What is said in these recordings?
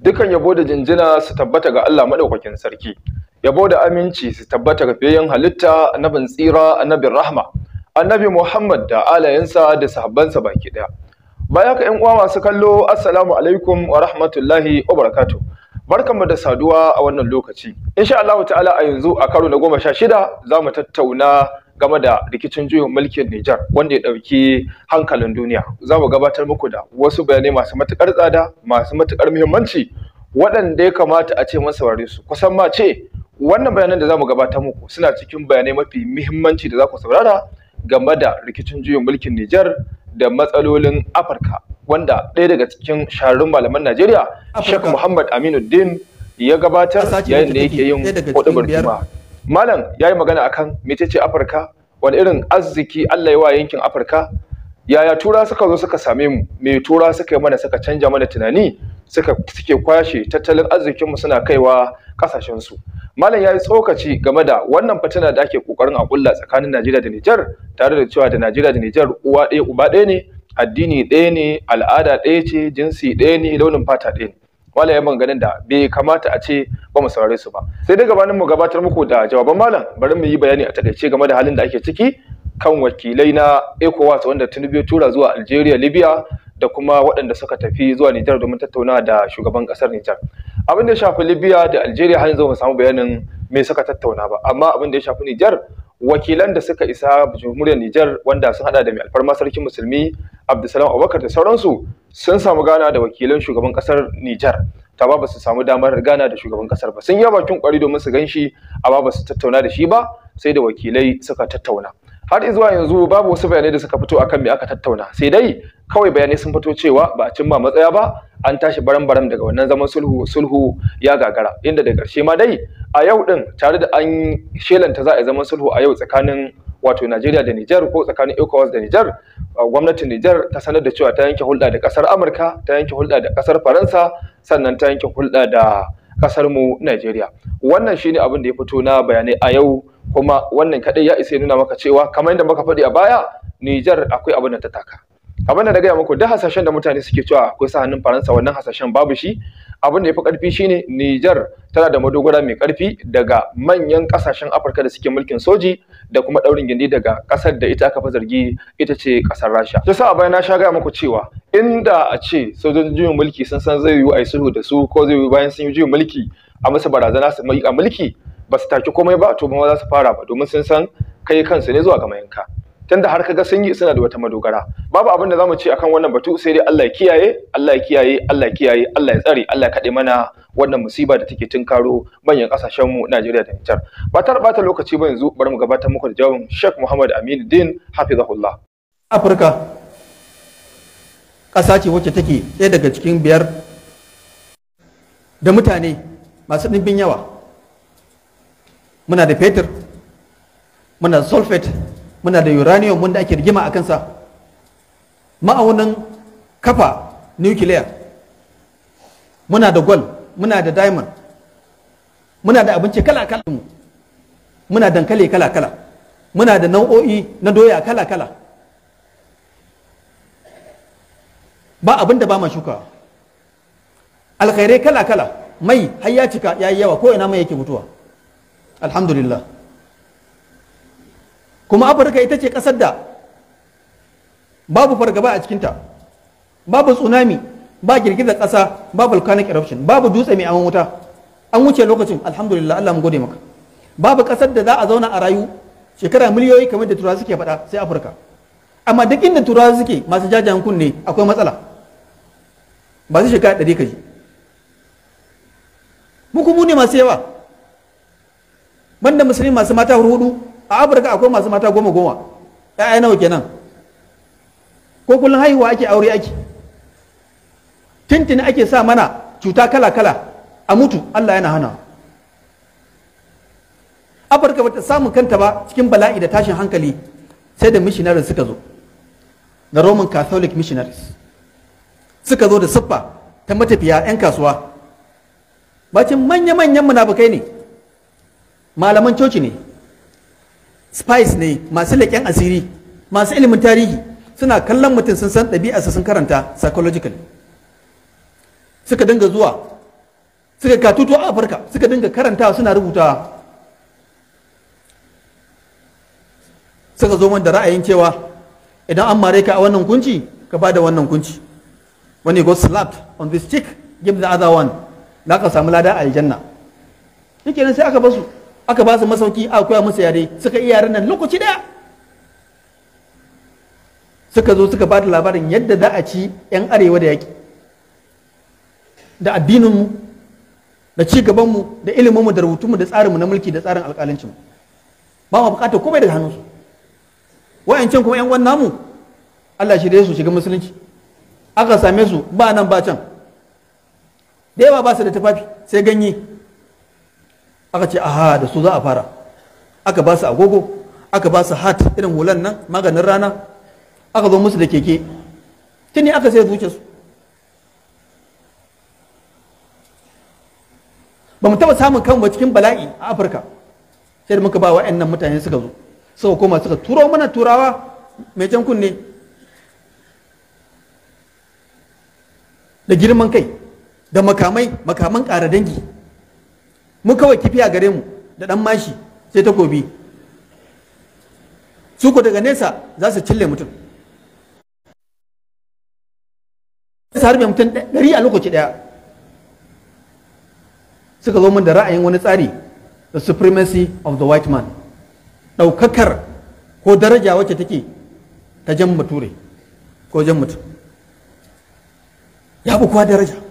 dukan yabo da jinjina su tabbata ga Allah madaukakin sarki yabo da aminci su tabbata ga fiyayyen halitta annabin tsira annabin rahma annabi Muhammad da alayensa da sahabbansa baki daya baya ka ƴan uwa masu kallo assalamu alaikum wa rahmatullahi wa barakatuh barkanmu da saduwa a wannan lokaci insha Allah ta'ala a yanzu a karo na goma sha shida za mu tattauna game da rikicin juyin mulkin Nijar wanda ya ɗauki hankalin duniya za mu gabatar muku da wasu bayanai masu matuƙar tsada masu matuƙar muhimmanci waɗanda ya kamata a ce mun saurare su kusan ma ce wannan bayanan da za mu gabatar muku suna cikin bayanai mafi muhimmanci da za ku saurara game da rikicin juyin mulkin Nijar da matsalolin Afirka wanda ɗaya daga cikin shahararrun malaman Najeriya Sheikh Muhammad Aminuddin ya gabatar yayin da yake yin hudubar juma'a malam ya yi magana akan mecece Afirka wani irin arziki Allah ya wa yankin Afirka yaya tura suka zo suka same mu me tura suka yi mana suka canja mana tunani suka suke kwashe tattalin arzikin mu suna kaiwa kasashen su malam yi tsokaci game da wannan fitina da ake kokarin a kulla tsakanin Najeriya da Nijar? tare da cewa da Najeriya da Nijar, uwa ɗaya uba ɗaya ne addini ɗaya ne al'ada ɗaya ce jinsi ɗaya ne launin fata ɗaya ne wala ya maganin da bai kamata a ce ba mu saurare su ba sai dai gabanin mu gabatar muku da jawaban malam bari mu yi bayani a takaice game da halin da ake ciki kan wakilai na ECOWAS wanda Tinubu ya tura zuwa Algeria Libya da kuma waɗanda suka tafi zuwa Nijar domin tattauna da shugaban ƙasar Nijar abin da ya shafi Libya da Algeria har yanzu ba samu bayanin me suka tattauna ba amma abin da ya shafi Nijar wakilan da suka isa jamhuriyar Nijar wanda sun hada da mai alfarma sarkin musulmi Abdulsalam Abubakar da sauransu sun samu gana da wakilan shugaban kasar Nijar ta ba su samu damar gana da shugaban kasar ba sun yi bakin kwari domin su ganshi amma ba su tattauna da shi ba sai da wakilai suka tattauna har zuwa yanzu babu wasu bayanai da suka fito akan me aka tattauna sai dai kawai bayanai sun fito cewa ba a cimma matsaya ba an tashi baram-baram daga wannan zaman sulhu sulhu ya gagara inda da ƙarshe ma dai a yau din tare da an shelanta za a yi zaman sulhu a yau tsakanin wato Najeriya da Nijar ko tsakanin ECOWAS da Nijar gwamnatin Nijar ta sanar da cewa ta yanke hulɗa da ƙasar Amurka ta yanke hulɗa da ƙasar Faransa sannan ta yanke hulɗa da ƙasar mu Najeriya wannan shine abin da ya fito na bayanai a yau kuma wannan kadai ya isa ya nuna maka cewa kamar yadda muka faɗi a baya Nijar akwai abin da ta taka abin da gaya muku duk hasashen da mutane suke cewa akwai sa hannun faransa wannan hasashen babu shi abin da ya fi ƙarfi shine Niger tana da madogara mai karfi daga manyan ƙasashen Afirka da suke mulkin soji da kuma ɗaurin gindi daga kasar da ita aka fi zargi ita ce kasar Rasha. to sa a na sha gaya muku cewa inda a ce sojojin juyin mulki sun san zai yiwu a yi da su ko zai yiwu bayan sun yi juyin mulki a musu barazana su a mulki ba su taki komai ba to ba za su fara ba domin sun san kai kansu ne zuwa ga mayanka. tunda har kaga sun yi suna da wata madogara babu abin da zamu ce akan wannan batu sai dai Allah ya kiyaye Allah ya kiyaye Allah ya kiyaye Allah ya tsare Allah ya kade mana wannan musiba da take tunkaro manyan kasashen mu Najeriya da Nijar ba tar bata lokaci ba yanzu bari mu gabatar muku da jawabin Sheikh Muhammad Aminu Din hafizahullah Afirka ƙasa ce wacce take ɗaya daga cikin biyar da mutane masu ɗimbin yawa muna da fetur muna da sulfate muna da uranium wanda ake rigima a kansa ma'aunin kafa nuclear muna da gold muna da diamond muna da abinci kala-kala muna dankali kala-kala muna da nau'o'i na doya kala-kala ba abin da ba ma shuka alkhairai kala-kala mai har ya cika ya yi yawa ko ina mai yake mutuwa alhamdulillah kuma afirka ita ce kasar da babu fargaba a cikinta babu tsunami ba girgizar kasa ba volcanic eruption babu dutse mai amon wuta an wuce lokacin alhamdulillah Allah mu gode maka babu ƙasar da za a zauna a rayu shekara miliyoyi kamar da turawa suke faɗa sai afirka amma duk inda turawa suke masu jajayen kunne akwai matsala ba su shekara ɗari ka ji mu ne masu yawa banda musulmi masu mata hudu a afirka akwai masu mata goma goma ya'ya nawa kenan ko kullum haihuwa ake aure ake tintini ake sa mana cuta kala kala a mutu allah yana hana afirka bata samu kanta ba cikin bala'i da tashin hankali sai da missionaries suka zo da roman catholic missionaries suka zo da siffa ta matafiya 'yan kasuwa bacin manya-manyan munafukai ne malaman coci ne spies ne masu leƙen asiri masu ilimin tarihi suna kallon mutum sun san ɗabi'arsa sun karanta psychological suka dinga zuwa suka katuto a afirka suka dinga karantawa suna rubutawa suka zo da ra'ayin cewa idan an mare ka a wannan kunci ka ba da wannan kunci when you go slapped on this cheek give the other one za ka samu lada a aljanna yake sai aka basu aka ba su masauki a koya musu yare suka iya yaren nan lokaci daya suka zo suka ba da labarin yadda za a ci 'yan arewa da yaƙi da addininmu da ci gabanmu da iliminmu da rubutunmu da tsarinmu na mulki da tsarin alƙalancinmu ba mu bukata komai daga hannunsu wa'ancan kuma 'yan uwan namu Allah shi da su shiga musulunci aka same su ba nan ba can da yawa ba su da tufafi sai ganye aka ce aha da su za a fara aka ba su agogo aka ba su hat irin hulan nan maganin rana aka zo musu da keke tuni aka sai zuce su ba mu taba samun kanmu cikin bala'i a afirka sai da muka ba wa nan mutane suka zo suka koma suka turo mana turawa mai can kunne da girman kai da makamai makaman ƙara dangi mu kawai kifi a gare mu da dan mashi sai takobi su ko daga nesa za su cille mutum su harbe mutum dari a lokaci ɗaya suka zo min da ra'ayin wani tsari the supremacy of the white man ɗaukakar ko daraja wacce take ta jan bature ko jan mutum ya kowa daraja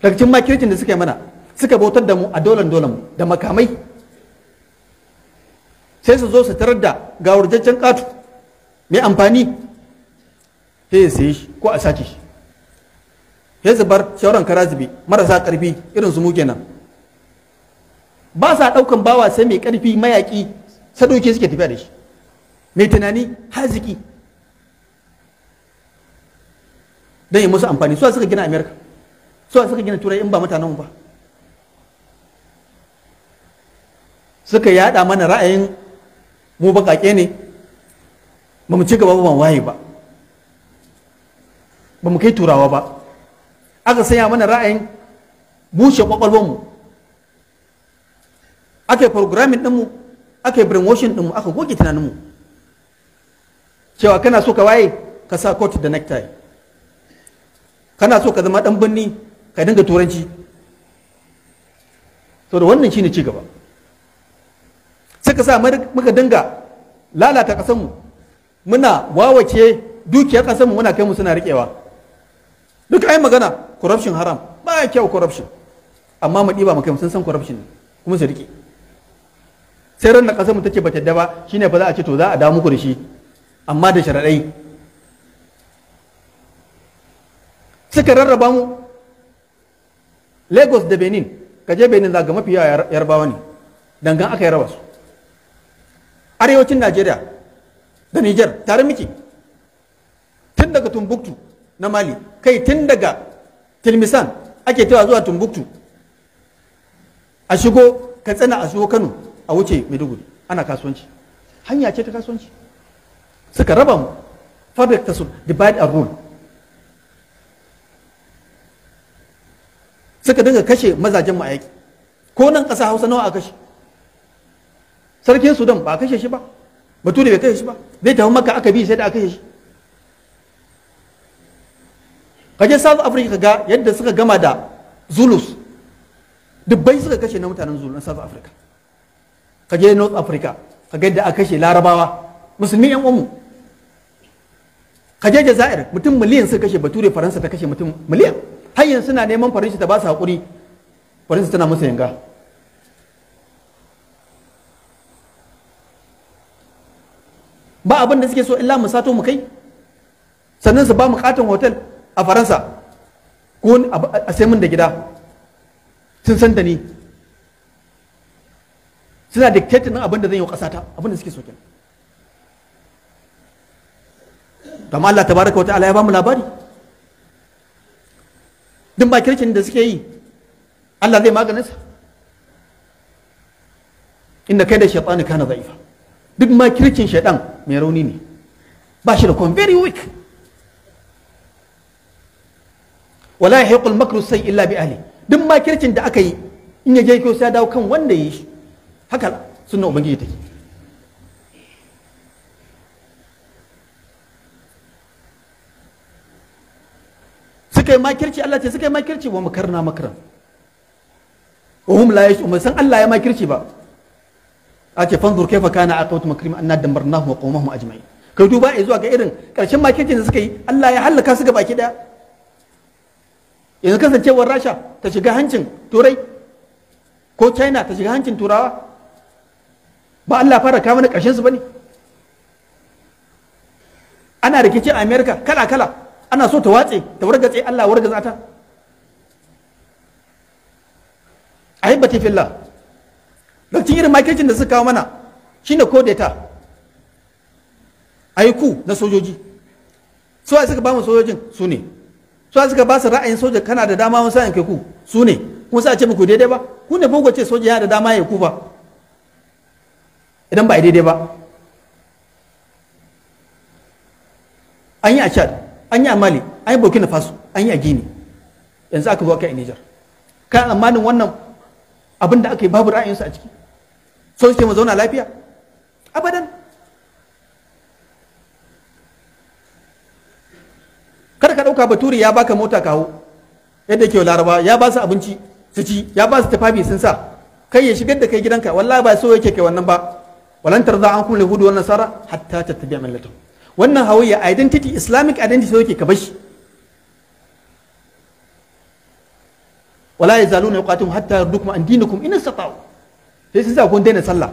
daga cikin makircin da suka yi mana suka bautar da mu a dolan dolan da makamai sai su zo su tarar da gawurjaccen katu mai amfani sai ya sayi shi ko a sace shi sai su bar shauran kara zube marasa karfi irin su mu kenan ba sa daukan bawa sai mai karfi mayaki sadauki suke tafiya da shi mai tunani haziki don yi musu amfani suwa suka gina amerika suwa suka gina turai in ba mutanen ba suka yada mana ra'ayin mu bakake ne ba mu ci gaba ba waye ba ba mu kai turawa ba aka sanya mana ra'ayin bushe kwakwalwarmu aka yi programming ɗinmu aka yi brainwashing ɗinmu aka goge tunanin mu cewa kana so ka waye ka sa coat da necktie kana so ka zama ɗan birni ka dinga turanci to da wannan shine ci gaba ka sa muka dinga lalata ƙasanmu muna wawace dukiyar ƙasanmu muna kai mu suna riƙewa duk ai magana corruption haram ba kyau corruption amma mu ɗiba mu kai sun san corruption ne kuma su riƙe sai ran da ƙasarmu take bata da ba shine fa za a ce to za a damu muku da shi amma da sharaɗai suka rarraba mu lagos da benin ka je benin za ga mafi yarbawa ne dangan aka yi raba su arewacin najeriya da niger tare miki tun daga tumbuktu na mali kai tun daga tilmisan ake tawa zuwa tumbuktu a shigo ka tsana a shigo kano a wuce maiduguri ana kasuwanci hanya ce ta kasuwanci suka raba mu fabric ta su divide and rule suka dinga kashe mazajen mu a yaki ko nan ƙasa hausa nawa a kashe sarkin sudan ba a kashe shi ba bature bai kashe shi ba zai tafi maka aka bi sai da aka kashe shi kaje south africa ka ga yadda suka gama da zulus dubbai suka kashe na mutanen zulu na south africa kaje north africa ka ga yadda aka kashe larabawa musulmi yan uwanmu kaje jazair mutum miliyan suka kashe bature faransa ta kashe mutum miliyan har yanzu suna neman farinci ta ba su haƙuri farinci tana musu yanga ba abin da suke so illa mu sato mu kai sannan su ba mu katon hotel a faransa ko a sai mun da gida sun san da ni suna da ketin abin da zan yi wa ƙasata abin da suke so kenan amma Allah tabaraka wa ta'ala ya ba mu labari duk makircin da suke yi Allah zai maganinsa inda kai da shaitani kana za'ifa duk ma makircin shaitan mai rauni ne ba shi da kuma very weak wala ya haƙul makaru sai illa bi ahli duk makircin da aka yi in ya je kyau sai dawo kan wanda ya yi haka suna ubangiji take suka yi makirci Allah ce suka yi makirci wa makarna makaran wahum la yashu san Allah ya makirci ba a ce fanzur kaifa kana aqawtu makrim anna damarnahu wa qawmahum ajma'in kai duba ai zuwa ga irin karshen makircin da suka yi Allah ya halaka su gaba ki daya yanzu kasancewar Rasha ta shiga hancin Turai ko China ta shiga hancin Turawa ba Allah fara kama na karshen su bane ana rikici a America kala kala ana so ta watse ta wargatse Allah wargatsa ta ahibbati fillah lokacin irin makicin da suka kawo mana shine kodeta aiku na sojoji su a suka ba mu sojojin su ne su a suka ba su ra'ayin soja kana da dama wani yanke ku su ne kuma sa ce muku daidai ba ku ne bugu ce soja yana da dama ya ku ba idan ba daidai ba an yi a chad an yi a mali an yi burkina faso an yi a gini yanzu aka zo aka yi nijar kan amalin wannan abin da aka yi babu ra'ayinsu a ciki so suke mu zauna lafiya abadan kada ka ɗauka baturi ya baka mota kawo yadda ke laraba ya ba su abinci su ci ya ba su tufafi sun sa kai ya shigar da kai gidanka wallahi ba so yake kai wannan ba walantar za an kuma yahudu wannan sara hatta tattabi'a millatuhum wannan hawaiya identity islamic identity yake ka bashi wala ne kwatun hatta yardukum an dinikum in istata'u sai sun sa daina sallah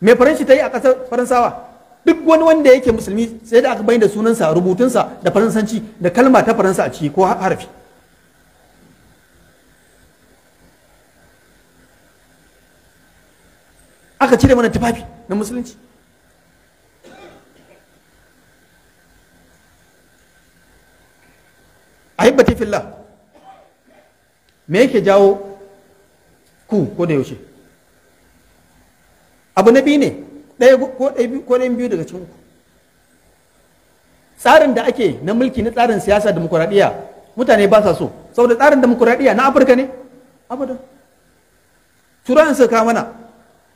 me faransa ta yi a kasar faransawa duk wani wanda yake musulmi sai da aka bayyana sunansa rubutunsa da faransanci da kalma ta faransa a ciki ko harafi aka cire mana tufafi na musulunci ahibbati fillah me yake jawo ku ko da yaushe abu na biyu ne ɗaya ko ɗayan biyu daga cikin ku tsarin da ake na mulki na tsarin siyasa demokuraɗiyya mutane ba sa so saboda tsarin demokuraɗiyya na afirka ne abadan turawan su ka mana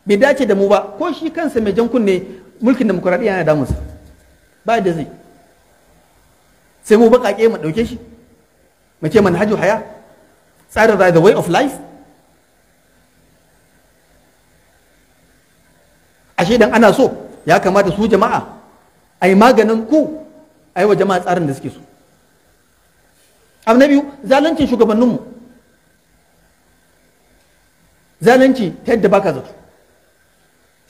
bai dace da mu ba ko shi kansa mai jan kunne mulkin demokuraɗiyya yana damunsa ba da zai sai mu baƙaƙe mu ɗauke shi mace ce manhaju haya tsarin rayuwa the way of life ashe dan ana so ya kamata su jama'a a yi maganin ku a yi wa jama'a tsarin da suke so abu na biyu shugabanninmu zalunci ta yadda baka zato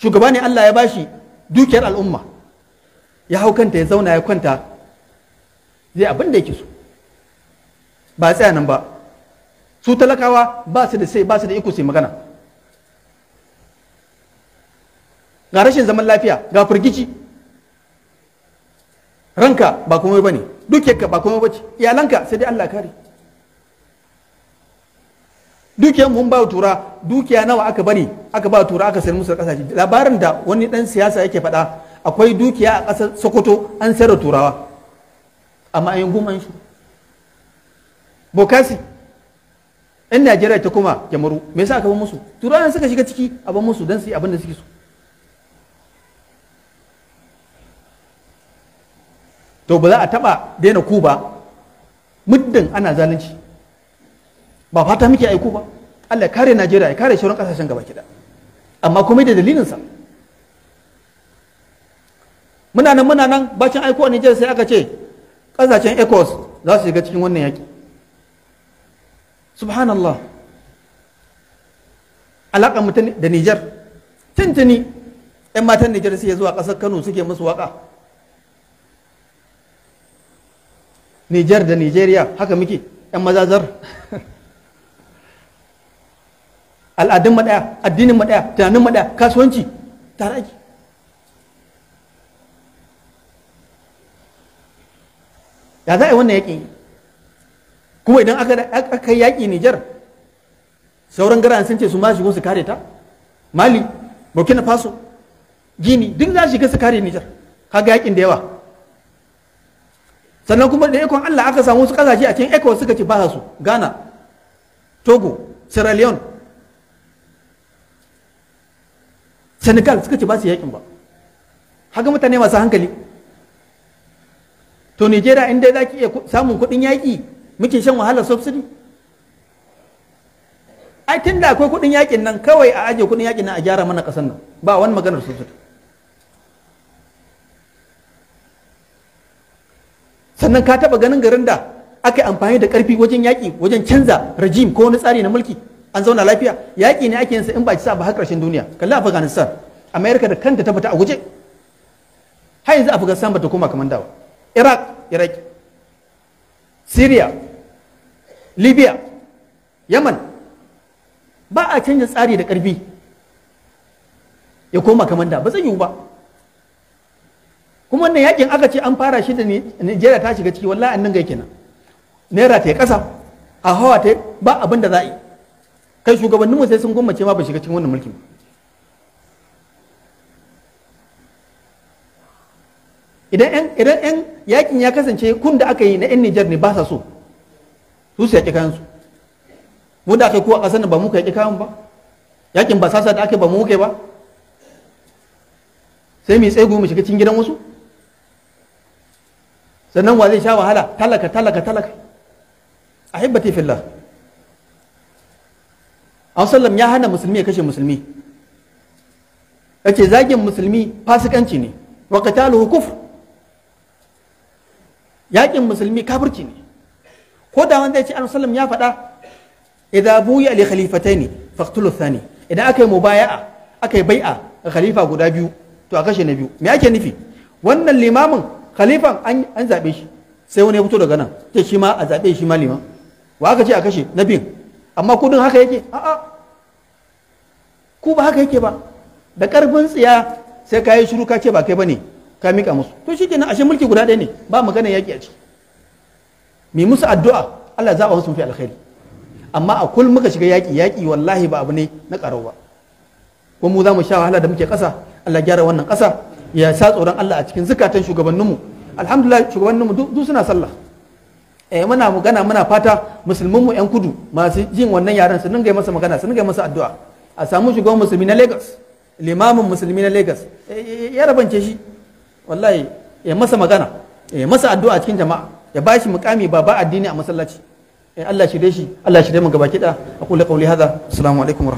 shugaba ne allah ya bashi dukiyar al'umma ya hau kanta ya zauna ya kwanta zai abin da yake so ba tsaya nan ba su talakawa ba su da sai ba su da iko sai magana ga rashin zaman lafiya ga firgici ranka ba komai bane dukiyarka ba komai bace iyalanka sai dai Allah kare dukiyar mun ba tura dukiya nawa aka bari aka ba tura aka sayar musu kasashe labarin da wani dan siyasa yake faɗa akwai dukiya a ƙasar sokoto an sayar da turawa amma an yi goma shi bokasi yan najeriya ta kuma jamaru me yasa aka ban musu turawan suka shiga ciki a ban musu don su yi abin da suke so to ba za a taba daina ku ba muddin ana zalunci ba fata muke aiku ba Allah kare Najeriya ya kare shirin kasashen gaba kida amma kuma da dalilinsa muna nan muna nan bacin aiko a Nijar sai aka ce kasashen ecos za su shiga cikin wannan yaki subhanallah alaƙa mutum da nijar tuntuni 'yan matan nijar suke zuwa ƙasar kano suke musu waƙa nijar da nijeriya haka muke 'yan mazazar al'adun maɗaya addinin maɗaya tunanin maɗaya kasuwanci tare ake ya za a yi wannan yaƙin kuma idan aka yaƙi Nijar sauran garan sun ce su ma shigo su kare ta Mali Burkina Faso Gini duk za su shiga su kare Nijar kaga yaƙin da yawa sannan kuma da ikon Allah aka samu su kasashe a cikin ECOWAS suka ci ba su Ghana Togo Sierra Leone Senegal suka ci ba su yaƙin ba haka mutane masu hankali to Nigeria inda za ki iya samun kuɗin yaƙi muke shan wahalar subsidy ai tun da akwai kuɗin yakin nan kawai a ajiye kuɗin yakin nan a gyara mana kasan nan ba wani maganar subsidy sannan ka taba ganin garin da aka yi amfani da karfi wajen yaki wajen canza rajim ko wani tsari na mulki an zauna lafiya yaƙi ne ake yinsa in ba ci sa ba har ƙarshen duniya kalli afghanistan amerika da kanta ta fita a guje har yanzu afghanistan ba ta koma kamar dawa iraq iraq syria libya yaman ba a canza tsari da ƙarfi ya koma kamar da ba zai yiwu ba kuma wannan yakin aka ce an fara shi da nigeria ta shiga ciki wallahi annan ga kenan naira ta yi ƙasa a hawa ta ba abin da za a yi kai shugabanninmu sai sun gwammace ma ba shiga cikin wannan mulkin idan yan yakin ya kasance kun da aka yi na yan nijar ne ba sa so su su yaƙi kayansu mu da aka yi kowa ƙasar ba mu ka yaƙi kayan ba yaƙin ba sasa da aka ba mu ba sai mu yi tsegu mu shiga cikin gidan wasu sannan wa zai sha wahala talaka talaka talaka a hibbati fillah sallam ya hana musulmi ya kashe musulmi yace zagin musulmi fasikanci ne wa qitaluhu kufr yaƙin musulmi kafirci ne ko da wanda ya ce annabi ya faɗa idan buya li khalifataini faqtulu thani idan aka yi mubaya'a aka yi bai'a ga khalifa guda biyu to a kashe na biyu me ake nufi wannan limamin khalifan an zaɓe shi sai wani ya fito daga nan ta shi ma a zaɓe shi ma liman wa aka ce a kashe na biyu amma kudin haka yake a'a ku ba haka yake ba da ƙarfin tsiya sai ka yi shiru ka ce ba kai ba ne ka miƙa musu to shi kenan ashe mulki guda ɗaya ne ba magana yaƙi a ciki mai musu addu'a Allah zaba wasu mafi alkhairi amma a kullum muka shiga yaƙi yaƙi wallahi ba abu ne na ƙarau ba ko mu za mu sha wahala da muke ƙasa Allah gyara wannan ƙasa ya sa tsoron Allah a cikin zukatan shugabanninmu alhamdulillah shugabanninmu duk suna sallah eh muna magana muna fata musulmin yan kudu masu jin wannan yaran su dinga masa magana su dinga masa addu'a a samu shugaban musulmi na Lagos limamin musulmi na Lagos eh, ya rabance shi wallahi ya masa magana ya masa addu'a cikin jama'a ya ba shi mukami ba ba addini a masallaci eh, Allah shirye shi Allah shirye mu mu gaba kida aqulu qawli hadha assalamu alaikum